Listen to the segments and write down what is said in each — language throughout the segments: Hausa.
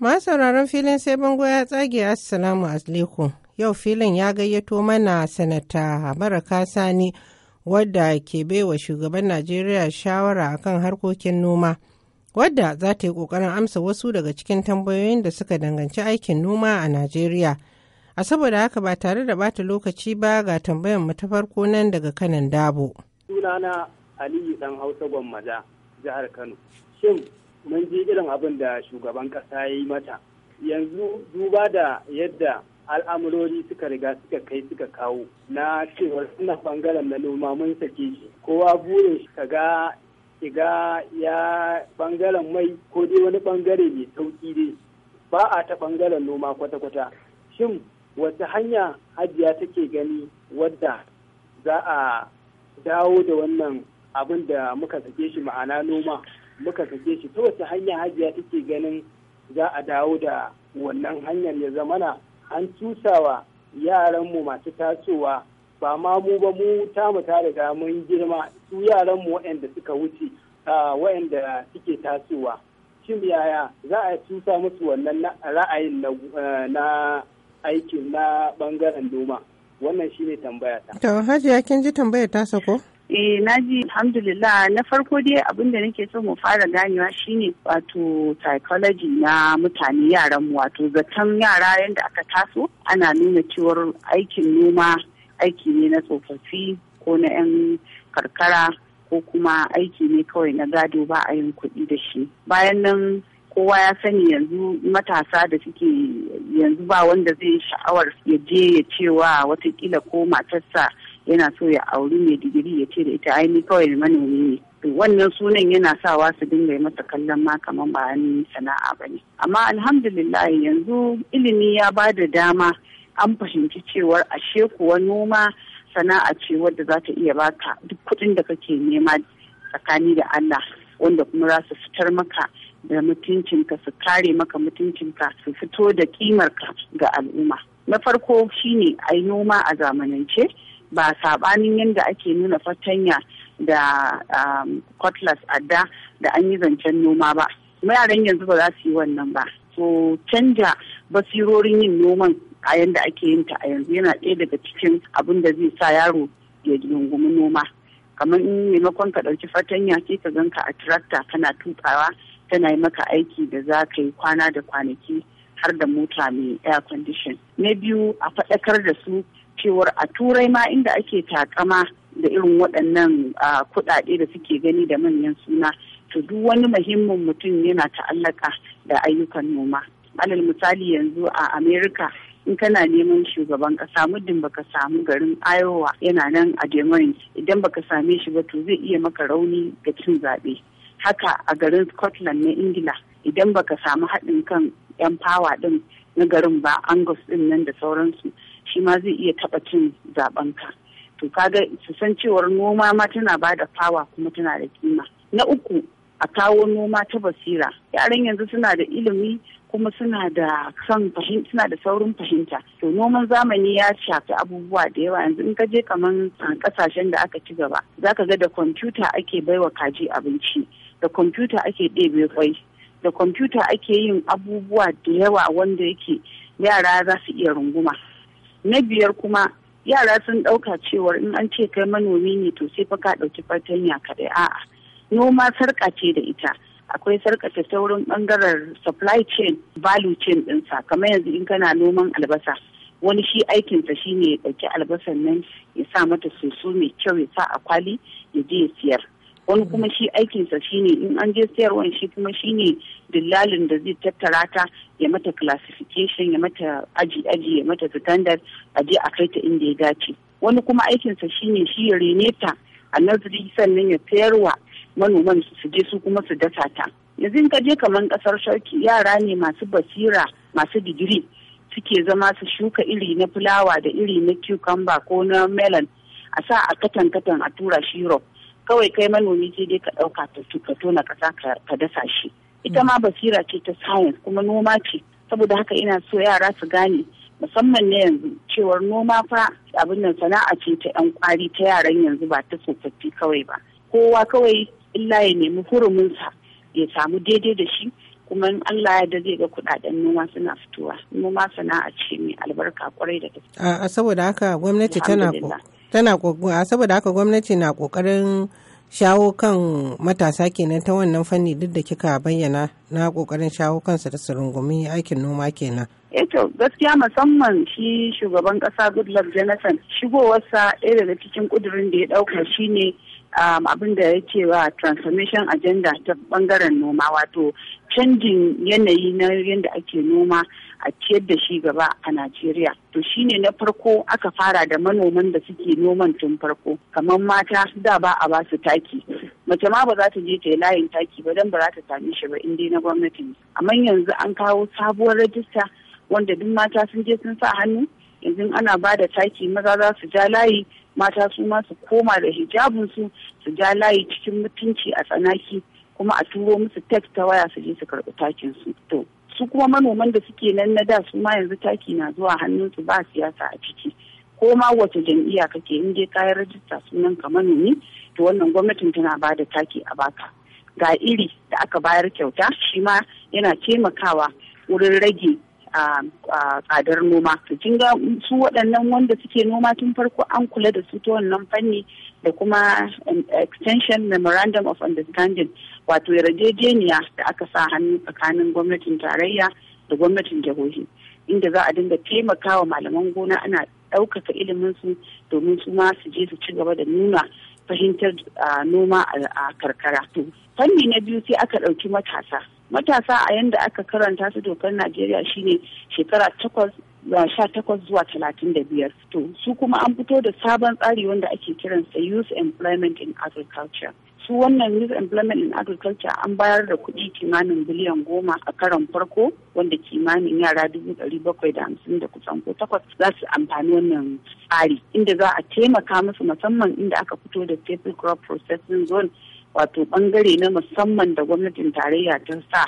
Ma sauraron filin sai bango ya tsage assalamu alaikum. Yau filin ya gayyato mana sanata Baraka Sani wadda ke baiwa shugaban Najeriya shawara akan harkokin noma. Wadda za ta yi ƙoƙarin amsa wasu daga cikin tambayoyin da suka danganci aikin noma a Najeriya. A saboda haka ba tare da bata lokaci ba ga tambayar mu ta farko nan daga kanan dabo. Sunana Aliyu ɗan Hausa gwamma jihar Kano. Shin mun ji irin abin da shugaban ƙasa ya yi mata yanzu duba da yadda al'amurori suka riga suka kai suka kawo na cewar suna bangaren na noma mun sake shi kowa burin shi kaga shiga ya bangaren mai ko dai wani bangare mai sauki dai ba a ta bangaren noma kwata-kwata shin wata hanya hajiya take gani wadda za a dawo da wannan abin da muka sake shi ma'ana noma muka sake shi ta wace hanya hajiya take ganin za a dawo da wannan hanyar ya zamana an yaran yaranmu masu tasowa ba ma mu ba mu ta ta da mun girma su yaran mu waɗanda suka wuce waɗanda suke tasowa shin yaya za a cusa musu wannan ra'ayin na aikin na ɓangaren noma wannan shine tambaya ta. To Hajiya kin ji tambaya ta sako? Eh na ji alhamdulillah na farko dai abin da nake so mu fara ganewa shine wato psychology na mutane yaran mu wato zaton yara yadda aka taso ana nuna cewar aikin noma aiki ne na tsofaffi ko na 'yan karkara ko kuma aiki ne kawai na gado ba a yin kuɗi da shi bayan nan kowa ya sani yanzu matasa da suke yanzu ba wanda zai sha'awar ya je ya cewa watakila ko matarsa yana so ya auri mai digiri ya ce da ita aini kawai manomi ne to wannan sunan yana sawa su dinga mata kallon ma kamar ba wani sana'a ba ne amma alhamdulillah yanzu ilimi ya ba da dama an fahimci cewar ashe kuwa noma sana'a ce wadda za ta iya baka duk kuɗin da kake nema tsakani da Allah wanda kuma za su fitar maka da mutuncinka su kare maka mutuncinka su fito da kimarka ga al'umma na farko shine ai noma a zamanance ba sabanin yadda ake nuna fatanya da um, cutlass a da da an yi zancen noma ba yaran yanzu ba za su yi wannan ba so canja basirorin yin noman a yadda ake yin ta a yanzu yana ɗaya daga cikin abin da zai sa yaro ya dungumi noma kamar in maimakon ka ɗauki fatanya sai ka ganka a tirakta kana tukawa tana yi maka aiki da za ka yi kwana da kwanaki har da mota mai air condition na biyu a faɗakar da su cewar a turai ma inda ake takama da irin waɗannan kuɗaɗe da suke gani da manyan suna to duk wani muhimmin mutum yana ta'allaka da ayyukan noma alal misali yanzu a america in kana neman shugaban kasa muddin baka samu garin iowa yana nan a demarin idan baka same shi ba to zai iya maka rauni ga cin zaɓe haka a garin scotland na ingila idan baka samu haɗin kan 'yan fawa ɗin na garin ba angus ɗin nan da sauransu shi ma zai iya taɓa cin zaɓenka. To kaga su san cewar noma ma tana ba da fawa kuma tana da kima. Na uku a kawo noma ta basira. Yaran yanzu suna da ilimi kuma suna da son suna da saurin fahimta to noman zamani ya shafi abubuwa da yawa yanzu in ka je kaman kasashen da aka ci gaba zaka ga da kwamfuta ake baiwa kaji abinci da kwamfuta ake ɗebe kwai da kwamfuta ake yin abubuwa da yawa wanda yake yara za su iya runguma na biyar kuma yara sun ɗauka cewar in an ce kai manomi ne to sai fa ka ɗauki fartanya kaɗai a'a noma sarƙa ce da ita akwai sarƙace ta ɓangaren supply chain value chain ɗinsa kamar yanzu in kana noman albasa wani shi aikinsa shine ya ɗauki albasan nan ya sa mata soso mai kyau ya sa a kwali ya je ya siyar wani kuma shi aikinsa shine in an je sayarwan shi kuma shine dillalin da zai tattara ta ya mata classification ya mata aji aji ya mata standard a je a kai ta inda ya dace wani kuma aikinsa shine shi ya rene ta a nazari sannan ya sayarwa manoman su je su kuma su dasa ta yanzu in ka je kaman kasar sharki yara ne masu basira masu digiri suke zama su shuka iri na fulawa da iri na cucumber ko na melon a sa a katan katan a tura shi kawai kai manomi sai dai ka ɗauka ka tona ƙasa ka dasa shi ita ma basira ce ta science kuma noma ce saboda haka ina so yara su gane musamman na yanzu cewar noma fa abin nan sana'a ce ta yan kwari ta yaran yanzu ba ta tsofaffi kawai ba kowa kawai illa ya nemi huruminsa ya samu daidai da shi kuma Allah ya zai ga kudaden noma suna fitowa noma sana'a ce mai albarka kwarai da gaske a saboda haka gwamnati tana tana kokarin saboda haka gwamnati na kokarin shawo kan matasa kenan ta wannan fanni duk da kika bayyana na kokarin shawo kansu da su rungumi aikin noma kenan. Eto eh gaskiya musamman shi shugaban kasa Goodluck Jonathan shigowarsa ɗaya daga cikin kudurin da ya ɗauka shine um, abin da ya ce wa transformation agenda ta bangaren noma wato canjin yanayi na yadda ake noma a ciyar da shi gaba a Najeriya. To shine na farko aka fara da manoman da suke noman tun farko, kamar mata da ba a basu taki. Mace ma ba za ta je ta yi layin taki ba don ba za ta same shi ba in dai na gwamnati. Amma yanzu an kawo sabuwar rajista wanda duk mata sun je sun sa hannu yanzu ana ba da taki maza za su ja layi mata su ma su koma da hijabin su su ja layi cikin mutunci a tsanaki kuma a turo musu tek ta waya su je su karɓi takin su to su kuma manoman da suke nan na da su ma yanzu taki na zuwa hannun su ba siyasa a ciki ko ma wace jam'iyya kake in dai kayan rajista sunan ka manomi to wannan gwamnatin tana ba da taki a baka ga iri da aka bayar kyauta shi ma yana taimakawa wurin rage tsadar noma to kin ga su waɗannan wanda suke noma tun farko an kula da su ta wannan fanni da kuma um, extension memorandum of understanding wato yarjejeniya da aka sa hannu tsakanin gwamnatin tarayya da gwamnatin jihohi inda za a dinga taimakawa malaman gona ana ɗaukaka ilimin su domin su ma su je su ci gaba da nuna fahimtar uh, noma a karkara to fanni na biyu sai aka ɗauki matasa matasa a yanda aka karanta su dokar najeriya shine shekara takwas sha zuwa talatin da biyar to su kuma an fito da sabon tsari wanda ake kiran sa youth employment in agriculture su wannan youth employment in agriculture an bayar da kuɗi kimanin biliyan goma a karon farko wanda kimanin yara dubu da hamsin da kusan ko takwas za su amfani wannan tsari inda za a taimaka musu musamman inda aka fito da staple crop processing zone wato bangare na musamman da gwamnatin tarayya ta sa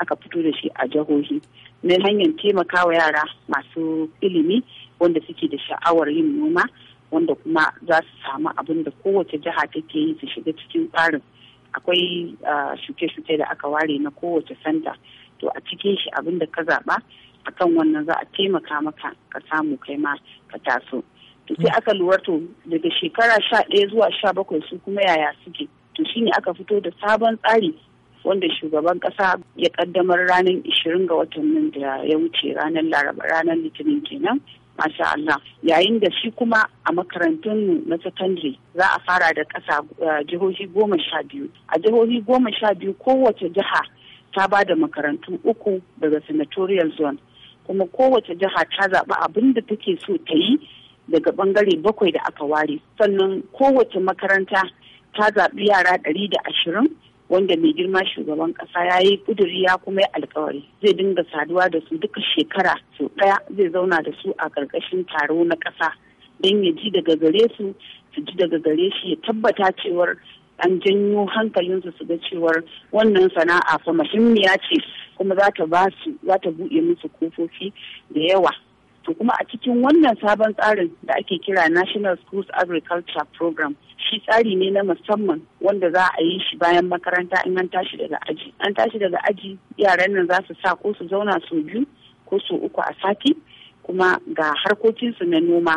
aka fito da shi a jihohi na hanyar taimakawa yara masu ilimi wanda suke da sha'awar yin noma wanda kuma za su samu abin da kowace jiha take yi su shiga cikin tsarin akwai shuke-shuke da aka ware na kowace santa to a cikin shi abin da ka zaɓa kan wannan za a taimaka maka ka samu kai ma ka taso to sai mm. aka lura to daga shekara sha ɗaya zuwa sha bakwai su kuma yaya suke to shine aka fito da sabon tsari wanda shugaban kasa ya kaddamar ranar 20 ga watan nan da ya wuce ranar laraba ranar litinin kenan masha Allah yayin da shi kuma a makarantun na secondary za a fara da kasa eh, jihohi goma sha biyu a jihohi goma sha biyu kowace jiha ta ba da makarantu uku daga senatorial zone kuma kowace jiha ta zaɓi abin da take so ta yi daga bangare bakwai da aka ware sannan kowace makaranta ta zaɓi yara ɗari da ashirin wanda mai girma shugaban ƙasa ya yi ƙuduri ya kuma yi alkawari zai dinga saduwa da su duka shekara sau ɗaya zai zauna da su a ƙarƙashin taro na ƙasa don ya ji daga gare su su ji daga gare shi ya tabbata cewar an janyo hankalinsu su ga cewar wannan sana'a fa muhimmiya ce kuma za ta za ta buɗe musu kofofi da yawa To kuma a cikin wannan sabon tsarin da ake kira National Schools Agriculture Program shi tsari ne na musamman wanda za a yi shi bayan makaranta in an tashi daga aji. An tashi daga aji yaran nan za su sa ko su zauna su biyu ko su uku a sati kuma ga harkokinsu na noma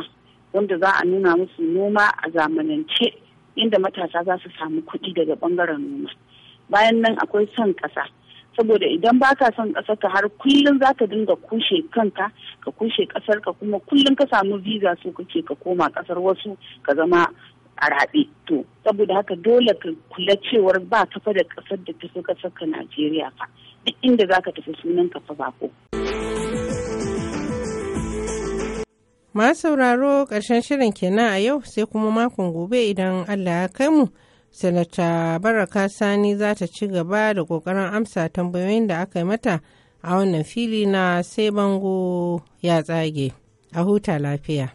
wanda za a nuna musu noma a zamanance inda matasa za su samu kuɗi daga ɓangaren noma. Bayan nan akwai son ƙasa. saboda idan ba ka son ƙasar ka har kullum za ka dinga kushe kanka ka kushe ƙasarka ka kuma kullum ka samu visa so kake ka koma ƙasar wasu ka zama a raɓe to saboda haka dole ka kula cewar ba ka fa da ƙasar da tafi ƙasar ka Najeriya fa duk inda za ka tafi sunan ka fa bako. Ma sauraro ƙarshen shirin kenan a yau sai kuma makon gobe idan Allah ya kai mu. Sanata Baraka Sani za ta ci gaba da ƙoƙarin amsa tambayoyin da aka yi mata a wannan fili na sai bango ya tsage. A huta lafiya.